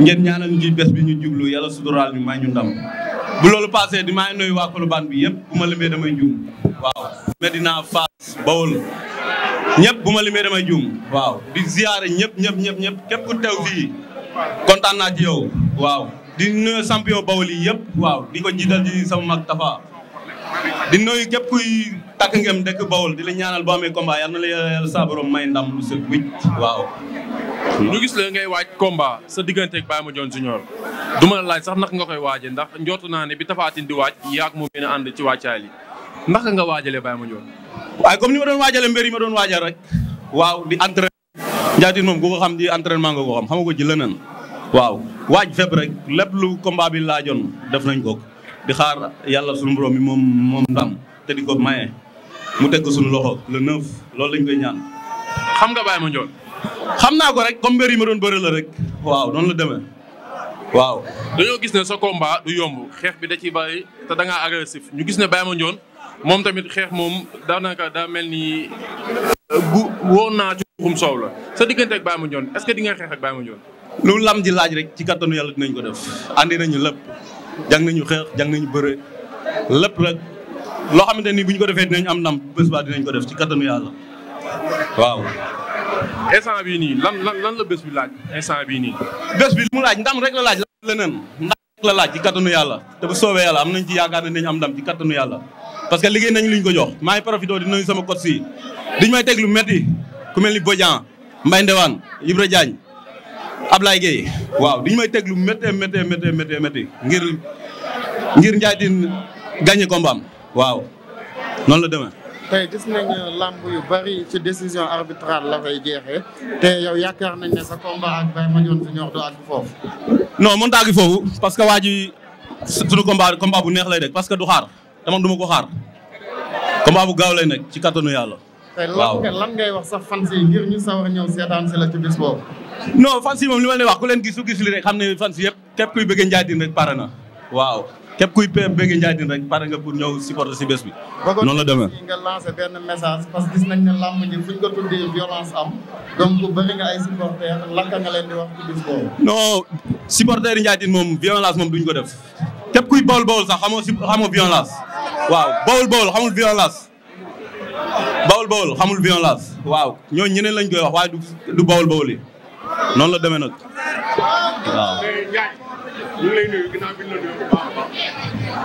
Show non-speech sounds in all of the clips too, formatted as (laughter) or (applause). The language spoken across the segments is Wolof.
ngeen ñaanal ñu ci bi ñu jublu yàlla suturaal ñu may ñu ndam bu loolu passé di maa ngi nuyu waa bi yëpp bu ma limee damay juum waaw Medina Fass bu ma limee damay juum di ziyaare ñëpp ñëpp ñëpp ñëpp képp teew fii kontaan naa yow waaw di nuyu champion Bawol yi yëpp waaw di ko jiital ci sama mag Tafa di nuyu képp kuy takk ngem dëkk Bawol di la ñaanal boo amee combat yal na la yàlla saa borom may ndam lu sëg waaw. ñu gis la ngay waaj combat sa diggante ak Baye Mandione Junior du ma la laaj sax naka nga koy waaje ndax njortu naa ne bi Tapha Tine di waaj yaak moom gën a ànd ci wàccaay li naka nga waajalee Baye Mandione. waaye comme ni ma doon waajalee mbir yi ma doon waajal rek waaw di entraîné. njaatin moom ku ko xam di entraînement nga ko xam xam nga ko ji leneen waaw waaj fépp rek lépp lu combat bi laajoon def nañ ko. di xaar yàlla suñu borom mi moom moom ndam te di ko maye mu teg ko suñu loxo le neuf loolu lañ koy ñaan. xam nga baay Baye joon xam naa ko rek comme mbir yi ma doon bari la rek. waaw noonu la deme waaw. dañoo gis ne sa combat du yomb xeex bi da ciy bàyyi te da ngaa agressif ñu gis ne baay Baye joon moom tamit xeex moom daanaka daa mel ni euh, gu woon naa ci xum soow la sa diggante ak Baye Mandione est-ce que di nga xeex ak Baye joon lu lam ji laaj rek ci kattanu yàlla dinañ ko def. andi nañu lépp. jàng nañu xeex jàng nañu bëre lépp rek loo xamante ni bu ñu ko defee dinañ am ndam bés dinañ ko def ci kattanu yàlla waaw. instant bii nii lan lan lan la bés bi laaj instant bii nii. bés bi li mu laaj ndam rek la laaj leneen ndam la laaj ci kattanu yàlla te bu soobee yàlla am nañ ci yaakaar ne dinañ am ndam ci kattanu yàlla. parce que liggéey nañ luñ ko jox maa ngi profité di sama coach yi diñ may teg lu ku mel ni Bodian mbay Ndewane Ibra Diagne Ablaye Gueye waaw diñu may teglu lu méttee méttee méttee ngir ngir Ndiaye Tine gagné waaw noonu la demee. te gis nañ lamb yu bari ci décision arbitrale la fay jeexee te yow yaakaar nañ ne sa combat ak Baye Mandione Junior du àgg foofu. non mënut a àgg foofu parce que waa ji sunu bu neex lay def parce que du xaar dama du ma ko xaar combat bu gaaw lay nekk ci kattanu yàlla. lan ngay wax sax fan si ngir ñu sawar ñëw seetaan si la ci bis boobu. no fans yi moom li ma leen wax ku leen gis su gis li rek xam ne fans yëpp képp kuy bëgg Ndiaye rek pare na waaw képp kuy bëgg Ndiaye Tine rek pare nga pour ñëw supporter si bés bi. noonu la demee nga lancé benn message parce que gis nañ ne làmb ji fuñ ko tuddee violence am donc bëri nga ay supporters lakka nga leen di wax ci bis boobu. non supporters yi Ndiaye Tine moom violence moom duñ ko def képp kuy bawol bawol sax xamoo si xamoo violence waaw bawol bawol xamul violence. bawol bawol xamul violence waaw ñooñu ñeneen lañ koy wax waaye du du bawol noonu la demee nag waaw. ñu ngi lay nuyu ginnaaw bi ñu la nuyu bu baax a baax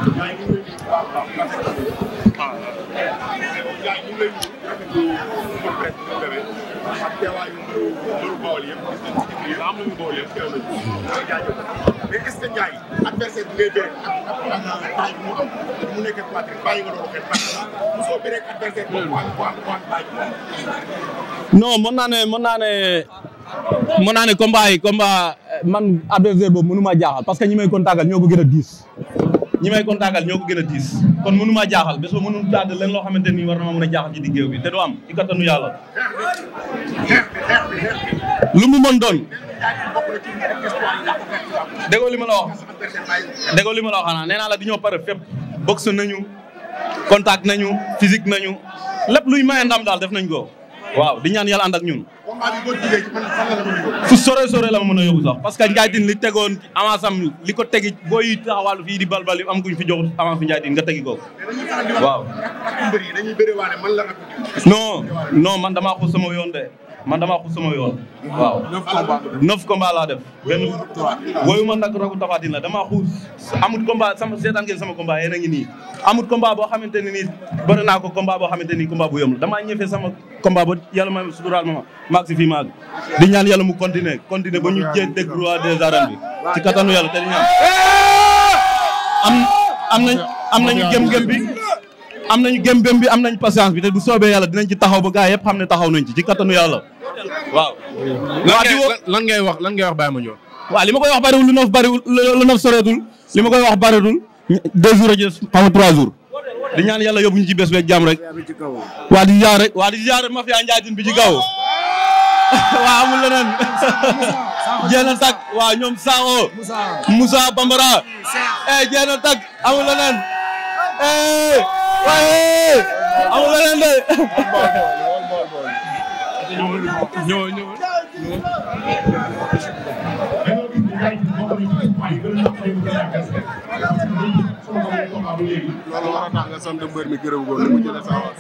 Ndiaye ñu ngi lay nuyu bu baax a baax waaw Ndiaye ñu ngi lay nuyu rafetlu suñu presse bi demee ak teewaayu mbëru Bawol yëpp gis nañ ci biir am nañu Bawol yëpp teew nañu mooy jaajëfal mais est-ce que Ndiaye adversaire bi ngay bëre ak ak taaj mu am mu nekk Patrick bàyyi nga doon xet parce que mosoo bëre ak adversaire boobu am bu am bu am taaj non mën naa ne mën naa ne mën naa ne combat yi combat man adversaire boobu mënu maa jaaxal parce que ñi may contactal ñoo ko gën a diis ñi may contactal ñoo ko gën a diis kon mënu maa jaaxal bés ba mënu jaaxal leen loo xamante ni war na ma mën a jaaxal ci diggéew bi te du am ci kattanu yàlla lu mu mën doon li ma la wax déggoo li ma la wax nee naa la di ñoo pare fépp na ñu contact nañu physique nañu lépp luy maye ndam daal def nañ ko waaw di ñaan yàlla ànd ak ñun fu sore sore la ma mën a yóbbu sax parce que Ndiaye li tegoon avance am li ko tegi booy yi taxawal fii di balbal am guñ fi jox avance Ndiaye Tine nga tegi ko waaw. non non man damaa xus sama yoon de. man damaa xus sama yoon. waaw neuf combats laa def. benn woyu ma nag ragu Tapha Tine la damaa xus. amut combat sama seetaan ngeen sama combat yéen a ngi nii amut combat boo xamante ne nii bëri naa ko combat boo xamante ni combat bu yomb la damaa ñëfee sama combat ba yàlla ma suturaal ma maag si fii maag di ñaan yàlla mu continuer continuer ba ñu jéeg dégg roi des arènes bi ci kattanu yàlla te di ñaan am am nañ am nañu gëm-gëm bi. am nañu gëm-gëm bi am nañu patience bi te bu soobee yàlla dinañ ci taxaw ba gars yëpp xam ne taxaw nañ ci ci kattanu yàlla waaw. lan ngay wax lan ngay wax Baye Mandione. waaw li ma koy wax bariwul lu nof bariwul lu nof soreetul li ma koy wax bariwul deux jours a jël xam trois jours. di ñaan yàlla yóbbu ñu ci bés beeg jàmm rek. waa di jaar rek waa di jaar mafia njaaytin bi ci kaw. (laughs) waa amul leneen. jeex na tag waa ñoom Sakho. musa Bambara. eh jeex na tag waaye amul leneen de. ñëw ñëw ñëw. loolu war a tax nga sant mbër mi gërëm ko ni mu jëlee sa wax.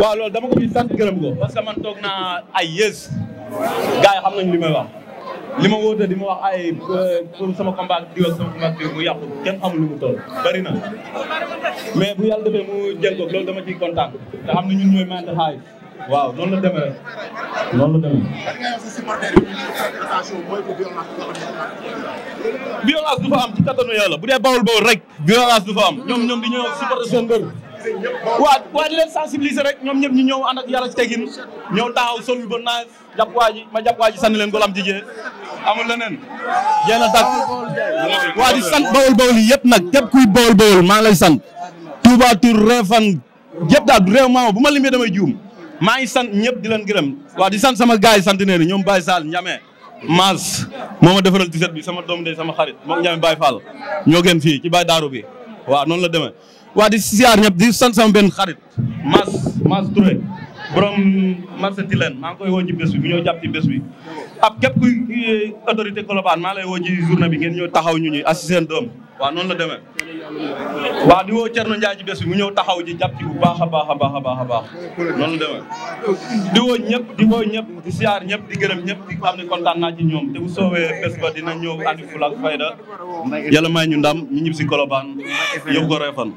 waaw loolu dama ko fi sant gërëm ko parce que man toog naa ay yées. gars yi xam nañ li may wax li ma wóote di ma wax ay euh, pour sama combat di wax sama combat mu yàqu kenn xamul lu mu toll bari na mais bu yàlla defee mu jël ko loolu dama ciy kontaan te xam ne ñun ñooy mante xaay waaw noonu la demee rek noonu la demee. violence du fa am ci kattanu yàlla bu dee bawul bawul rek. violence du fa am ñoom ñoom di ñëw supporter seen mbër waa waa di leen sensibiliser rek ñoom ñëpp ñi ñëw ànd ak yàlla ci teggin ñëw taxaw sol yu ba naaj jàpp ma jàpp waaj ji sànni leen golam jigéen amul leneen jeena tak waa di sant bawol bawol yi yëpp nag képp kuy bawol bawol maa ngi lay sant Touba Tour Refan yëpp daal réew maama bu ma limee damay juum maa ngi san ñëpp di leen gërëm waa di sant sama gars yi sant neeni ñoom Baye Sall Ñame Maas moo ma defaral tiset bi sama doom de sama xarit moom Ñame Baye Fall ñoo gën fii ci Baye bi waaw noonu la deme waa di siyaar ñëpp di sant sama benn xarit Mas Mas Touré borom marché Tilène maa ngi koy woo ci bés bi bu ñëw jàpp bés bi ab képp kuy euh, autorité Colobane maa lay woo ci na bi ngeen ñëw taxaw ñu ñuy assister seen doom waaw noonu la demee waaw di woo Thierno Ndiaye ci bés mu ñëw taxaw ji jàpp ci bu baax a baax a baax a baax a baax noonu demee di woo ñëpp di woo ñëpp di siyaar ñëpp di gërëm ñëpp di xam ne kontaan naa ci ñoom te bu soowee bés ba dina ñëw ànd fula ak fayda yàlla may ñu ndam ñu ñib si Colobane yóbbu ko Réfane